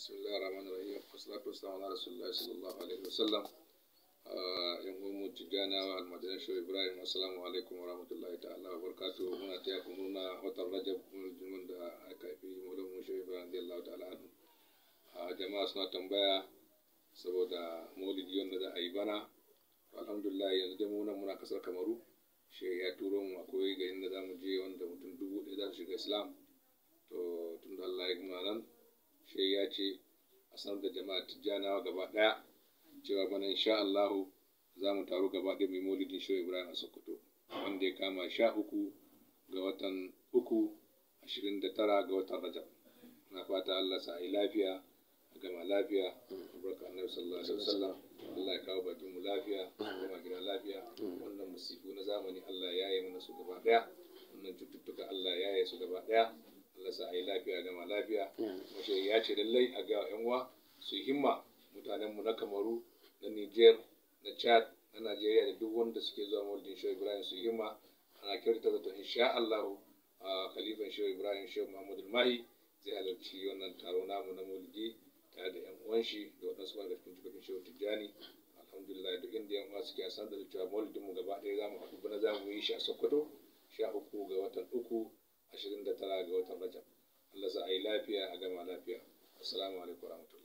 bismillah rahman rahim wasalatu wasalamu ala ah, ibrahim wa taya watan rajab da ah, jama'a suna tambaya saboda maulidi wanda za a yi bana alhamdulillah yanzu dai muna muna kasar kamaru shi ya turo mu akwai za mu je wanda mutum dubu ɗaya za su shiga islam sake a sanar da jama'a tijjanawa gaba ɗaya cewa bana insha Allahu za mu taru gaba ɗaya mai maulidin shehu ibrahim a sokoto wanda ya kama sha uku ga watan uku ashirin da tara ga watan rajab na fata Allah sa yi lafiya a gama lafiya barka annabi sallallahu alaihi wasallam Allah ya kawo bakin mu lafiya kuma gida lafiya wannan musibu na zamani Allah ya yi mana su gaba ɗaya wannan cututtuka Allah ya yi su gaba ɗaya Allah a yi lafiya da ma lafiya mace ya ce lallai a ga yan uwa su himma mutanen mu na Kamaru na Niger na Chad na Najeriya da duk wanda suke zuwa Maulidin Shehu Ibrahim su himma ana kyautata zato insha Allah Khalifan Shehu Ibrahim Shehu Muhammadu Mahi zai halarci wannan taro namu na Maulidi tare da yan uwan shi da wadansu ma da cikin cikakken Shehu Tijjani alhamdulillah duk inda yan uwa suke a da cewa Maulidin mu gaba ɗaya za mu haɗu bana za mu yi shi a Sokoto sha uku ga watan uku ashirin da tara ga watan Rajab Allah za a yi lafiya a gama lafiya assalamu alaikum warahmatullahi